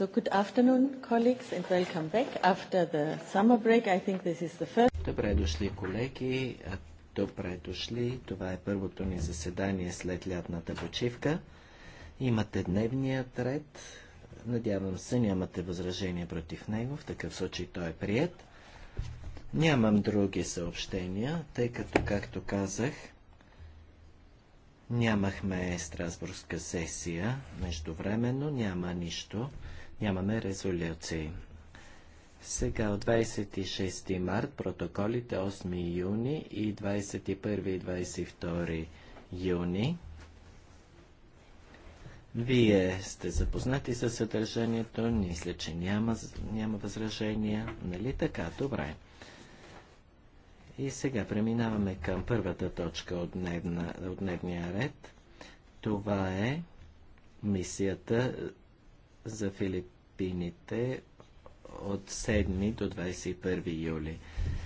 So good afternoon, colleagues, and welcome back after the summer break. I think this is the first. Добре дошли, колеги. Добре дошли. Това е първото ни заседание след лятната почивка. Имате дневният ред. Надявам се, нямате възражения против него. В такъв случай той е прият. Нямам други съобщения, тъй като, както казах, Нямахме Страсбургска сесия, междувременно няма нищо, Нямаме резолюции. Сега от 26 март протоколите 8 юни и 21 и 22 юни. Вие сте запознати с съдържанието, мисля, че няма, няма възражения, нали така? Добре. И сега преминаваме към първата точка от, дневна, от дневния ред. Това е мисията за Филип Филипините от 7 до 21 юли.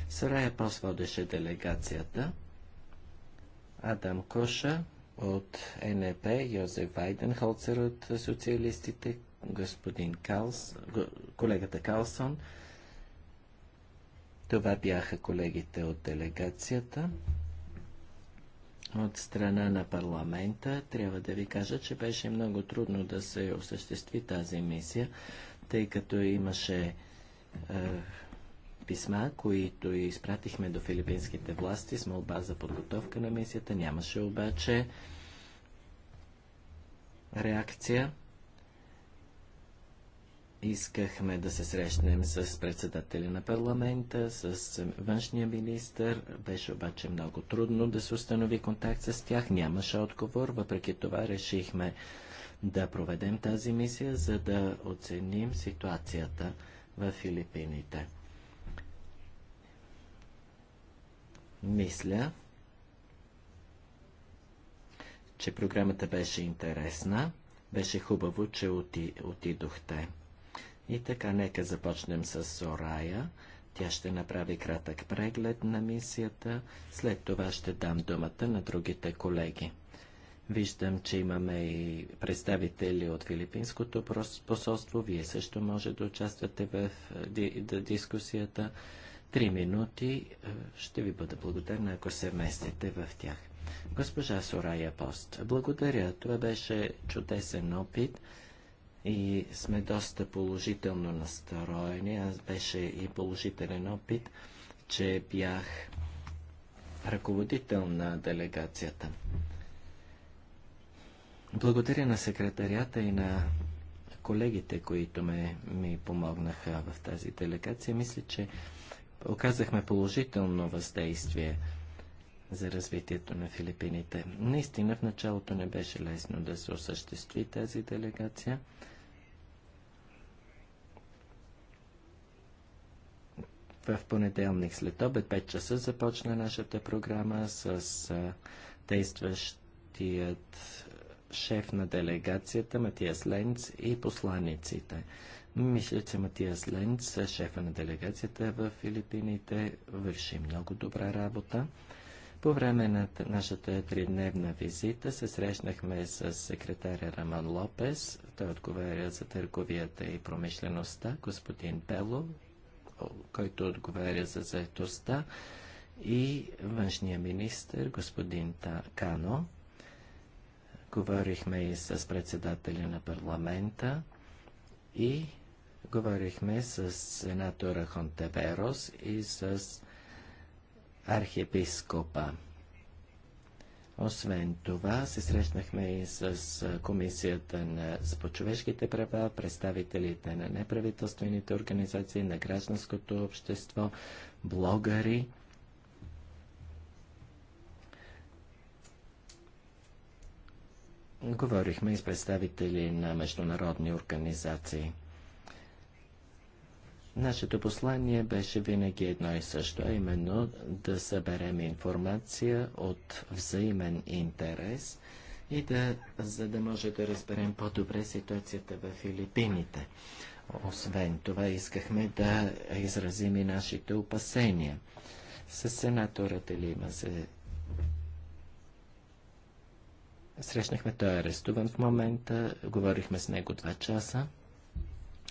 Сарая Пас водеше делегацията. Адам Коша от НП, Йозеф Вайденхолцер от социалистите, господин Калс, колегата Калсон. Това бяха колегите от делегацията от страна на парламента. Трябва да ви кажа, че беше много трудно да се осъществи тази мисия, тъй като имаше е, писма, които изпратихме до филипинските власти с молба за подготовка на мисията. Нямаше обаче реакция. Искахме да се срещнем с председателя на парламента, с външния министр. Беше обаче много трудно да се установи контакт с тях. Нямаше отговор. Въпреки това решихме да проведем тази мисия, за да оценим ситуацията в Филипините. Мисля, че програмата беше интересна. Беше хубаво, че оти, отидохте. И така, нека започнем с Сорая. Тя ще направи кратък преглед на мисията. След това ще дам думата на другите колеги. Виждам, че имаме и представители от Филипинското посолство. Вие също може да участвате в е, дискусията. Три минути. Е, ще ви бъда благодарна, ако се местите в тях. Госпожа Сорая Пост, благодаря. Това беше чудесен опит и сме доста положително настроени. Аз беше и положителен опит, че бях ръководител на делегацията. Благодаря на секретарията и на колегите, които ме, ми помогнаха в тази делегация. Мисля, че оказахме положително въздействие за развитието на Филипините. Наистина в началото не беше лесно да се осъществи тази делегация. В понеделник след обед 5 часа започна нашата програма с действащият шеф на делегацията Матиас Ленц и посланиците. Мисля, че Матиас Ленц, шефа на делегацията в Филипините, върши много добра работа. По време на нашата тридневна визита се срещнахме с секретаря Раман Лопес, той отговаря за търговията и промишлеността, господин Бело който отговаря за заетостта и външния министр, господин Кано. Говорихме и с председателя на парламента и говорихме с сенатора Хонтеверос и с архиепископа. Освен това, се срещнахме и с Комисията на, по човешките права, представителите на неправителствените организации, на гражданското общество, блогъри. Говорихме и с представители на международни организации. Нашето послание беше винаги едно и също, а именно да съберем информация от взаимен интерес и да, за да може да разберем по-добре ситуацията в Филипините. Освен това, искахме да изразим и нашите опасения. С сенатора има се срещнахме, той е арестуван в момента, говорихме с него два часа.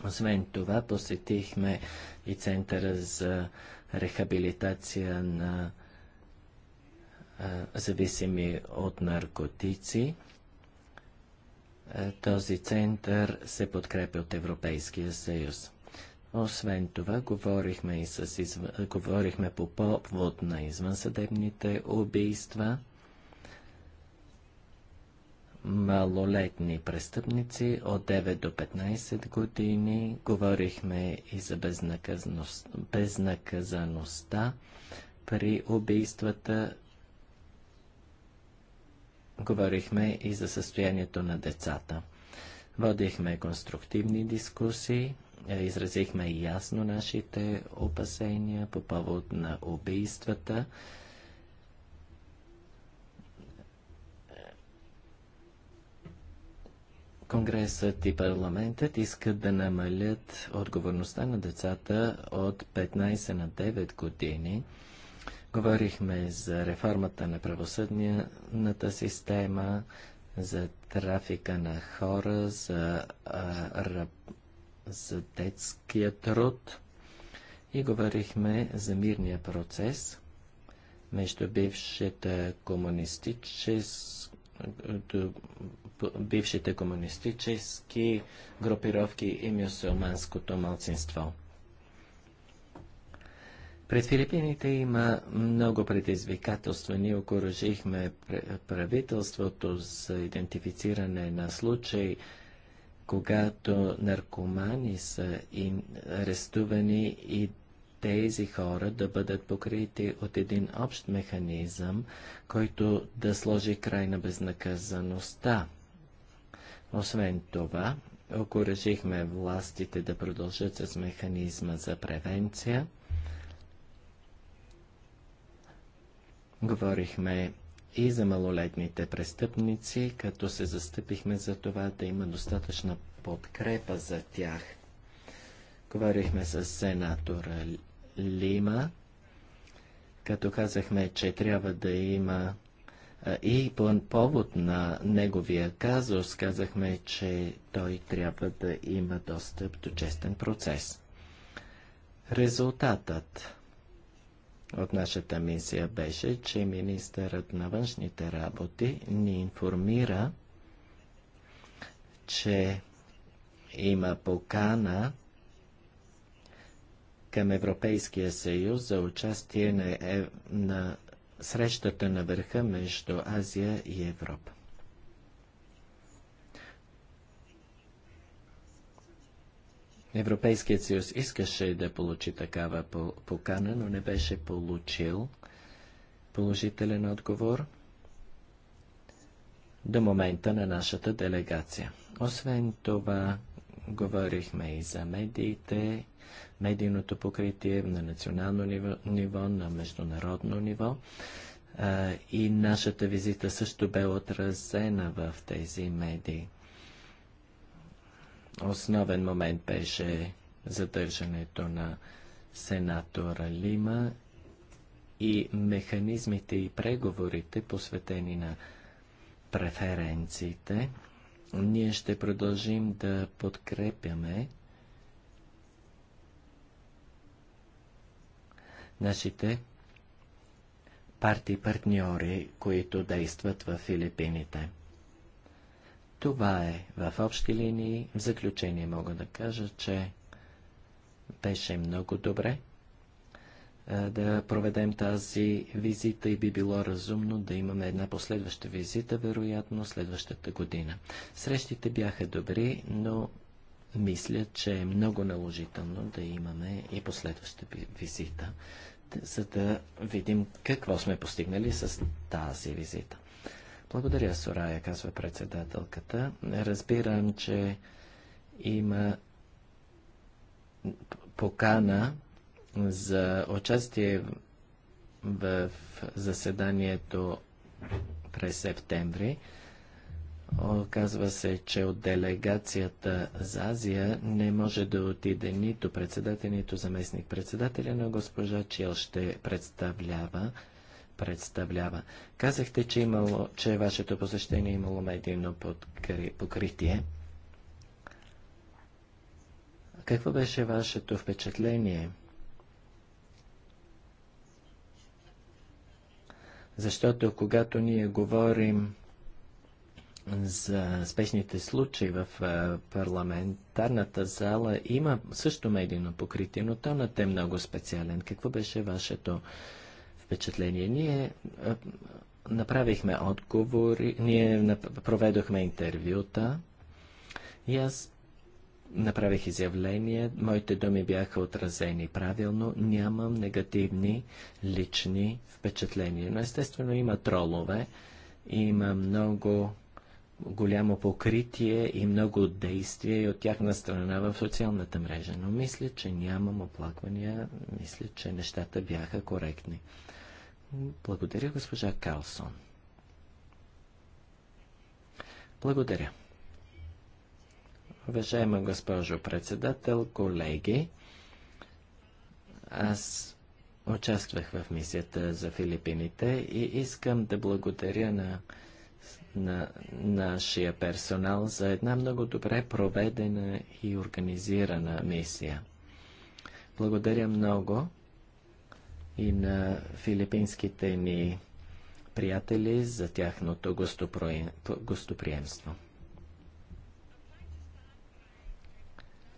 Освен това, посетихме и Центъра за рехабилитация на зависими от наркотици. Този център се подкрепя от Европейския съюз. Освен това, говорихме, и с изв... говорихме по повод на извънсъдебните убийства – малолетни престъпници от 9 до 15 години. Говорихме и за безнаказаността при убийствата. Говорихме и за състоянието на децата. Водихме конструктивни дискусии, е, изразихме ясно нашите опасения по повод на убийствата. Конгресът и парламентът искат да намалят отговорността на децата от 15 на 9 години. Говорихме за реформата на правосъдната система, за трафика на хора, за, а, за детския труд и говорихме за мирния процес между бившата комунистическа бившите комунистически групировки и мюсулманското малцинство. Пред Филипините има много предизвикателства. Ние окоръжихме правителството за идентифициране на случаи, когато наркомани са арестувани и тези хора да бъдат покрити от един общ механизъм, който да сложи край на безнаказаността. Освен това, окоръжихме властите да продължат с механизма за превенция. Говорихме и за малолетните престъпници, като се застъпихме за това да има достатъчна подкрепа за тях. Говорихме с сенатора Лима, като казахме, че трябва да има и по повод на неговия казус казахме, че той трябва да има достъп до честен процес. Резултатът от нашата мисия беше, че министърът на външните работи ни информира, че има покана към Европейския съюз за участие на, е, на срещата на върха между Азия и Европа. Европейският съюз искаше да получи такава покана, но не беше получил положителен отговор до момента на нашата делегация. Освен това, говорихме и за медиите, медийното покритие на национално ниво, ниво на международно ниво. А, и нашата визита също бе отразена в тези медии. Основен момент беше задържането на сенатора Лима и механизмите и преговорите, посветени на преференциите, ние ще продължим да подкрепяме нашите парти партньори, които действат в Филипините. Това е в общи линии. В заключение мога да кажа, че беше много добре да проведем тази визита и би било разумно да имаме една последваща визита, вероятно следващата година. Срещите бяха добри, но мисля, че е много наложително да имаме и последваща визита за да видим какво сме постигнали с тази визита. Благодаря, Сорая, казва председателката. Разбирам, че има покана за участие в заседанието през септември. Оказва се, че от делегацията за Азия не може да отиде нито председател, нито заместник председателя, но госпожа Чил ще представлява представлява. Казахте, че, имало, че вашето посещение е имало медийно покритие. Какво беше вашето впечатление? Защото когато ние говорим за спешните случаи в парламентарната зала има също медийно покритие, но тонът е много специален. Какво беше вашето впечатление? Ние направихме отговори, ние проведохме интервюта и аз направих изявление, моите думи бяха отразени правилно, нямам негативни лични впечатления. Но естествено има тролове, има много голямо покритие и много действия и от тяхна страна в социалната мрежа. Но мисля, че нямам оплаквания. Мисля, че нещата бяха коректни. Благодаря, госпожа Калсон. Благодаря. Уважаема госпожо председател, колеги, аз участвах в мисията за Филипините и искам да благодаря на на нашия персонал за една много добре проведена и организирана мисия. Благодаря много и на филипинските ни приятели за тяхното гостоприемство.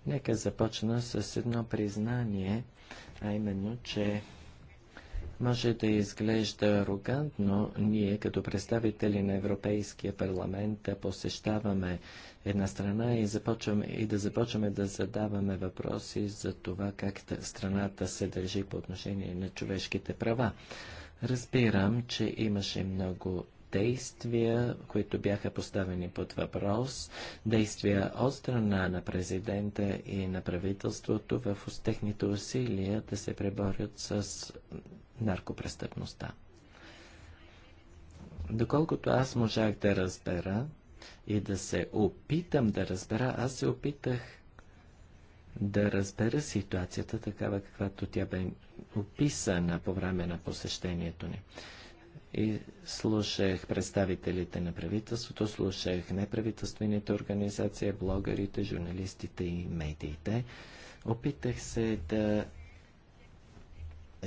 Нека започна с едно признание, а именно, че може да изглежда арогантно ние като представители на Европейския парламент да посещаваме една страна и, започваме, и да започваме да задаваме въпроси за това как страната се държи по отношение на човешките права. Разбирам, че имаше много действия, които бяха поставени под въпрос, действия от страна на президента и на правителството в техните усилия да се преборят с наркопрестъпността. Доколкото аз можах да разбера и да се опитам да разбера, аз се опитах да разбера ситуацията такава, каквато тя бе описана по време на посещението ни. И слушах представителите на правителството, слушах неправителствените организации, блогерите, журналистите и медиите. Опитах се да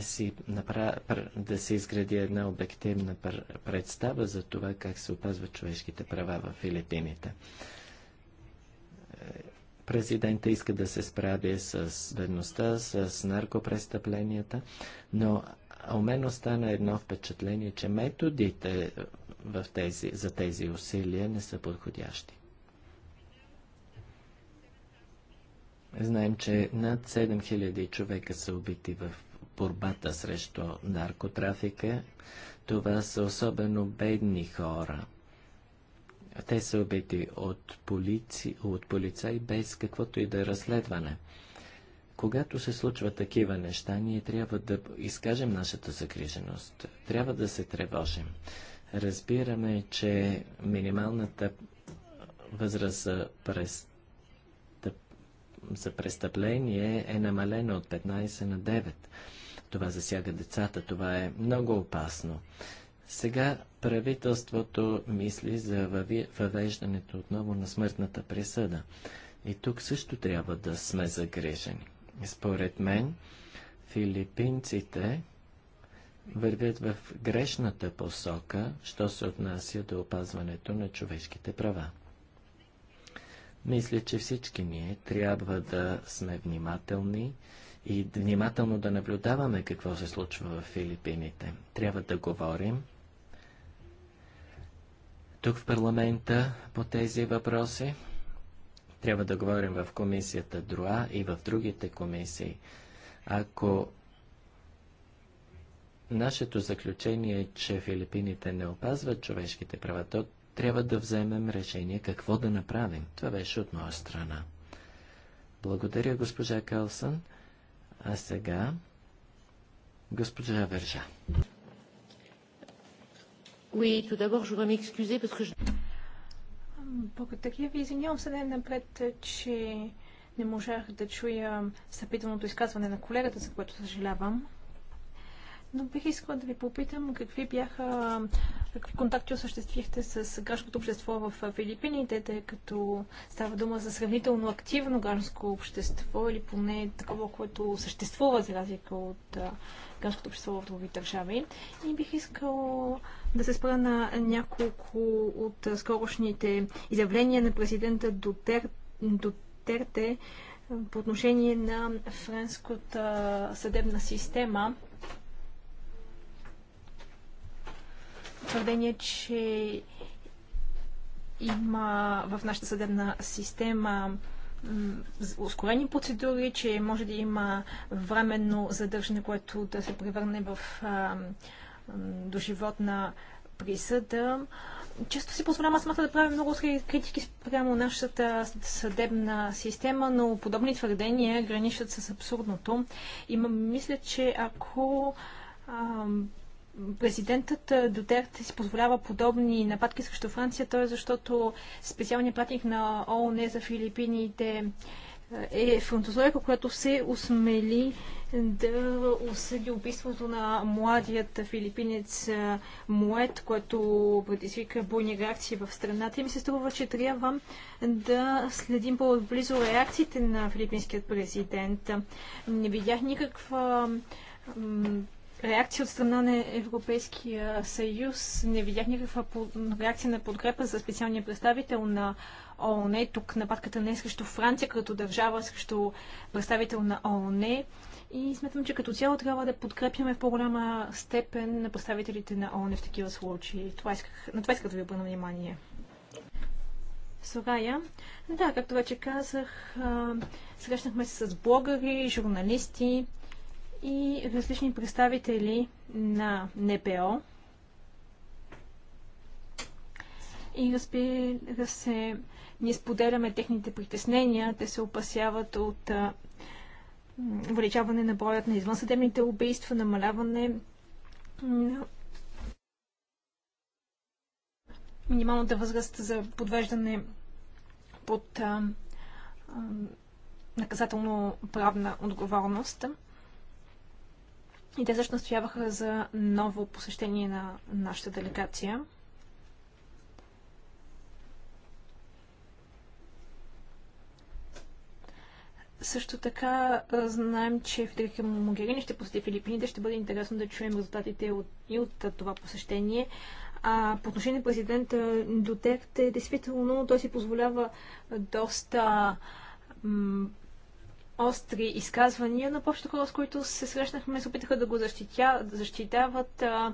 си напра... да се изгради една обективна представа за това как се опазват човешките права в Филипините. Президента иска да се справи с бедността, с наркопрестъпленията, но у мен остана едно впечатление, че методите е, в тези, за тези усилия не са подходящи. Знаем, че над 7000 човека са убити в борбата срещу наркотрафика. Това са особено бедни хора. Те са убити от, полици, от полицаи без каквото и да е разследване. Когато се случват такива неща, ние трябва да изкажем нашата загриженост. Трябва да се тревожим. Разбираме, че минималната възраст за, престъп... за престъпление е намалена от 15 на 9. Това засяга децата. Това е много опасно. Сега правителството мисли за въвеждането отново на смъртната присъда. И тук също трябва да сме загрежени. Според мен, филипинците вървят в грешната посока, що се отнася до опазването на човешките права. Мисля, че всички ние трябва да сме внимателни и внимателно да наблюдаваме какво се случва в Филипините. Трябва да говорим тук в парламента по тези въпроси. Трябва да говорим в комисията ДРУА и в другите комисии. Ако нашето заключение е, че Филипините не опазват човешките права, то трябва да вземем решение какво да направим. Това беше от моя страна. Благодаря, госпожа Калсън. А сега госпожа Вержа. Oui, tout d'abord, je voudrais m'excuser parce que je... Благодаря ви. Извинявам се най-напред, че не можах да чуя съпителното изказване на колегата, за което съжалявам. Но бих искала да ви попитам какви бяха, какви контакти осъществихте с гражданското общество в Филипините, тъй като става дума за сравнително активно гражданско общество или поне такова, което съществува за разлика от гражданското общество в други държави. И бих искала да се спра на няколко от скорошните изявления на президента Дотер... Дотерте по отношение на френската съдебна система. Твърдение, че има в нашата съдебна система ускорени процедури, че може да има временно задържане, което да се превърне в до животна присъда. Често си позволявам аз самата да правя много критики спрямо нашата съдебна система, но подобни твърдения граничат с абсурдното. И мисля, че ако президентът Дотерте си позволява подобни нападки срещу Франция, то е защото специалният пратник на ООН е за Филипините е фронтозойка, която се осмели да осъди убийството на младият филипинец Мует, който предизвика буйни реакции в страната. И ми се струва, че трябва да следим по-близо реакциите на филипинският президент. Не видях никаква реакция от страна на Европейския съюз. Не видях никаква реакция на подкрепа за специалния представител на ООН. Тук нападката не е срещу Франция като държава, срещу представител на ООН. И смятам, че като цяло трябва да подкрепяме в по-голяма степен на представителите на ООН в такива случаи. Това исках, на това исках да ви обърна внимание. Сорая. Да, както вече казах, срещнахме се с блогъри, журналисти, и различни представители на НПО. И разбира се, ние споделяме техните притеснения. Те се опасяват от увеличаване на броят на извънсъдебните убийства, намаляване на минималната възраст за подвеждане под а, а, наказателно правна отговорност. И те също настояваха за ново посещение на нашата делегация. Също така знаем, че Федерика Могерини ще посети Филипините. Ще бъде интересно да чуем резултатите от, и от това посещение. А по отношение на президента Дотерте, действително той си позволява доста остри изказвания, но повечето хора, с които се срещнахме, се опитаха да го защитя, да защитават. А,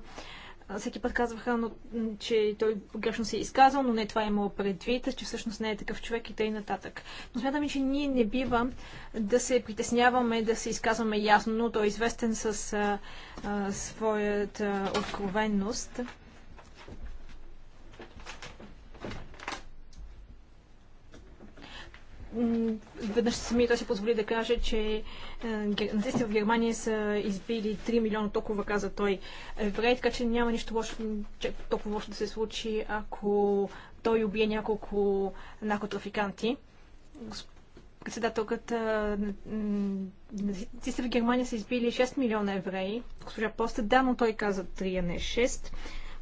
всеки път казваха, но, че той грешно се е изказал, но не това е имало предвид, че всъщност не е такъв човек и тъй нататък. Но смятаме, че ние не бива да се притесняваме, да се изказваме ясно, но той е известен с а, а, своята откровенност. веднъж самия той си позволи да каже, че е, нацистите в Германия са избили 3 милиона, толкова каза той, евреи, така че няма нищо лошо, че толкова лошо да се случи, ако той убие няколко наркотрафиканти. Председателката нацистите в Германия са избили 6 милиона евреи. Госпожа Поста, да, но той каза 3, а не 6.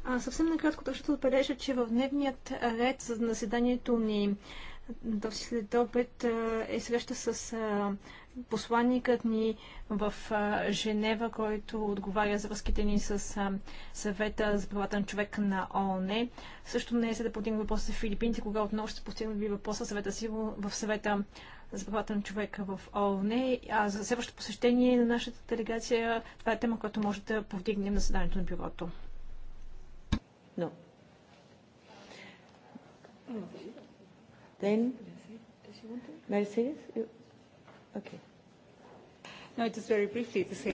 А, съвсем накратко, защото отбележа, че в дневният ред за заседанието ни този след обед е среща с посланникът ни в Женева, който отговаря за връзките ни с съвета за правата на човека на ООН. Също не е за да подигна въпроса с филипинци, кога отново ще постигнат ви въпроса съвета си в съвета за правата на човека в ООН. А за следващото посещение на нашата делегация, това е тема, която може да повдигнем на заданието на бюрото. No. Then, Mercedes? Okay. No, just very briefly the same.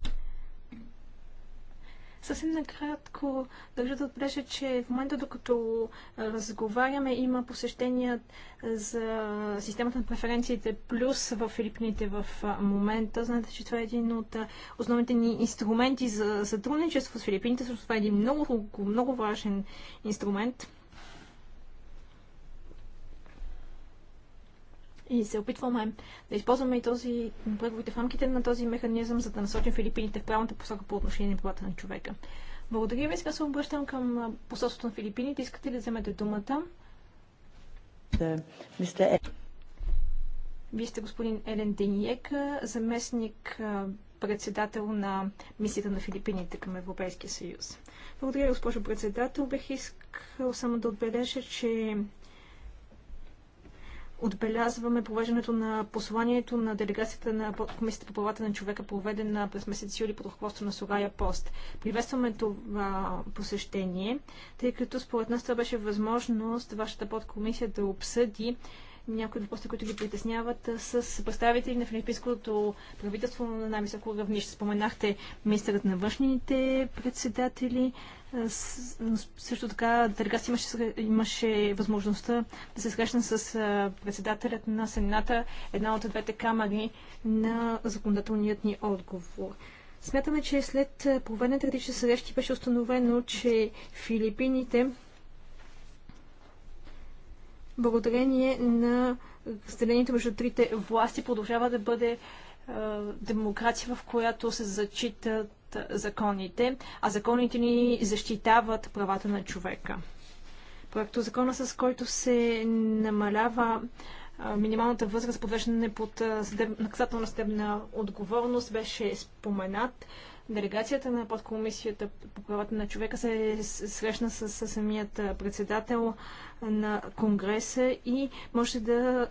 Съвсем накратко държа да отбележа, че в момента, докато разговаряме, има посещения за системата на преференциите плюс в Филипините в момента. Знаете, че това е един от основните ни инструменти за сътрудничество с Филипините. Също това е един много, много важен инструмент. И се опитваме да използваме и този, преговорите в рамките на този механизъм, за да насочим Филипините в правилната посока по отношение на правата на човека. Благодаря ви. Сега се обръщам към посолството на Филипините. Искате ли да вземете думата? Да, е- Вие сте господин Елен Дениек, заместник председател на мисията на Филипините към Европейския съюз. Благодаря, госпожо председател. Бех искал само да отбележа, че отбелязваме провеждането на посланието на делегацията на Комисията по правата на човека, проведена през месец юли под ръководство на Сурая Пост. Приветстваме това посещение, тъй като според нас това беше възможност вашата подкомисия да обсъди някои въпроси, които ги притесняват, с представители на филипинското правителство на най-високо равнище. Споменахте министърът на външните председатели. Също така делегация имаше, имаше възможността да се срещна с председателят на Сената, една от двете камери на законодателният ни отговор. Смятаме, че след проведената различни срещи беше установено, че Филипините благодарение на разделението между трите власти продължава да бъде е, демокрация, в която се зачитат законите, а законите ни защитават правата на човека. Проекто закона, с който се намалява е, минималната възраст подвеждане под е, наказателна стебна отговорност, беше споменат. Делегацията на подкомисията по правата на човека се срещна с, с самият председател на Конгреса и може да,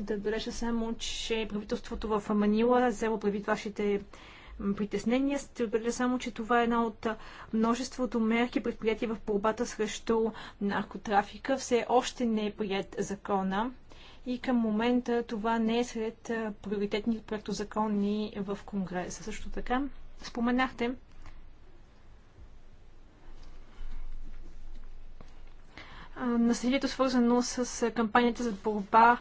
да отбележа само, че правителството в Манила взело предвид вашите притеснения. Ще отбележа само, че това е една от множеството мерки предприятия в борбата срещу наркотрафика. Все още не е прият закона и към момента това не е сред приоритетни проектозакони в Конгреса. Също така, споменахте, насилието свързано с кампанията за борба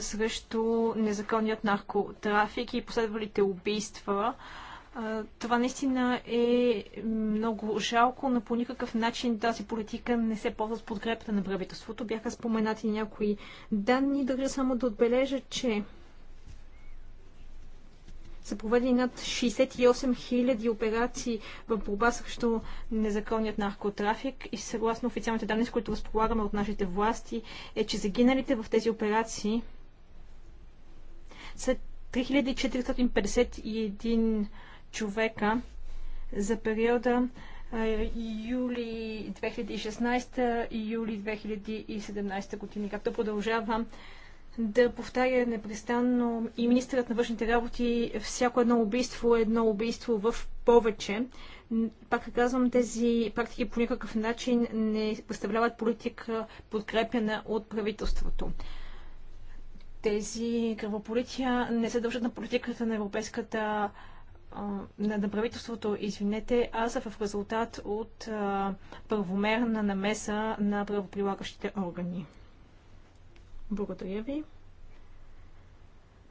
срещу незаконният наркотрафик и последвалите убийства. Това наистина е много жалко, но по никакъв начин тази политика не се ползва с подкрепата на правителството. Бяха споменати някои данни. Държа само да отбележа, че са проведени над 68 000 операции в борба срещу незаконният наркотрафик и съгласно официалните данни, с които разполагаме от нашите власти, е, че загиналите в тези операции са 3451 човека за периода юли 2016 и юли 2017 години, както продължавам, да повтаря непрестанно и министърът на външните работи всяко едно убийство е едно убийство в повече. Пак казвам, тези практики по никакъв начин не представляват политика подкрепена от правителството. Тези кръвополития не се дължат на политиката на европейската на, на правителството, извинете, а са в резултат от а, първомерна намеса на правоприлагащите органи. Благодаря ви.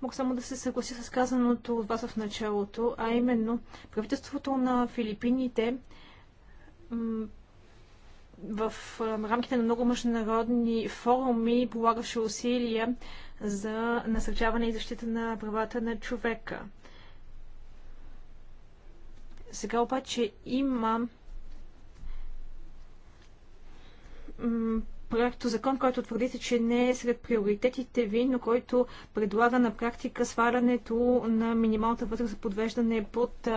Мога само да се съглася с казаното от вас в началото, а именно правителството на Филипините в рамките на много международни форуми полагаше усилия за насърчаване и защита на правата на човека. Сега обаче има проекто закон, който твърдите, че не е сред приоритетите ви, но който предлага на практика свалянето на минималната възраст за подвеждане под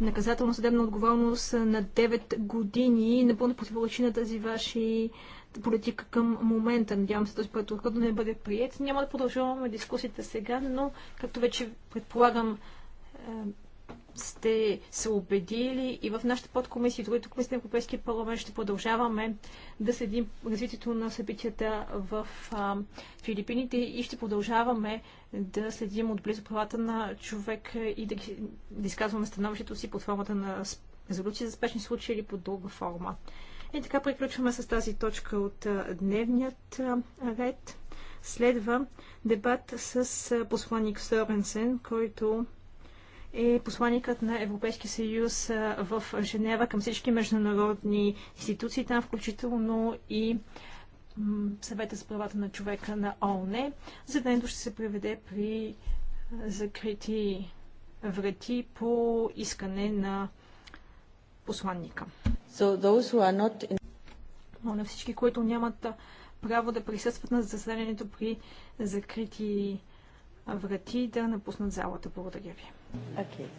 наказателно съдебна отговорност на 9 години. Напълно противоречи на тази ваши политика към момента. Надявам се този проект да не бъде прият. Няма да продължаваме дискусията сега, но както вече предполагам сте се убедили и в нашата подкомисия, другите комисии на Европейския парламент ще продължаваме да следим развитието на събитията в а, Филипините и ще продължаваме да следим отблизо правата на човек и да, да изказваме становището си под формата на резолюция за спешни случаи или под друга форма. И така приключваме с тази точка от дневният ред. Следва дебат с посланник Соренсен, който е посланникът на Европейския съюз в Женева към всички международни институции, там включително и съвета за правата на човека на ООН. за днес ще се приведе при закрити врати по искане на посланника. So those who are not in... Моля всички, които нямат право да присъстват на заседанието при закрити врати, да напуснат залата. Благодаря ви. Okay.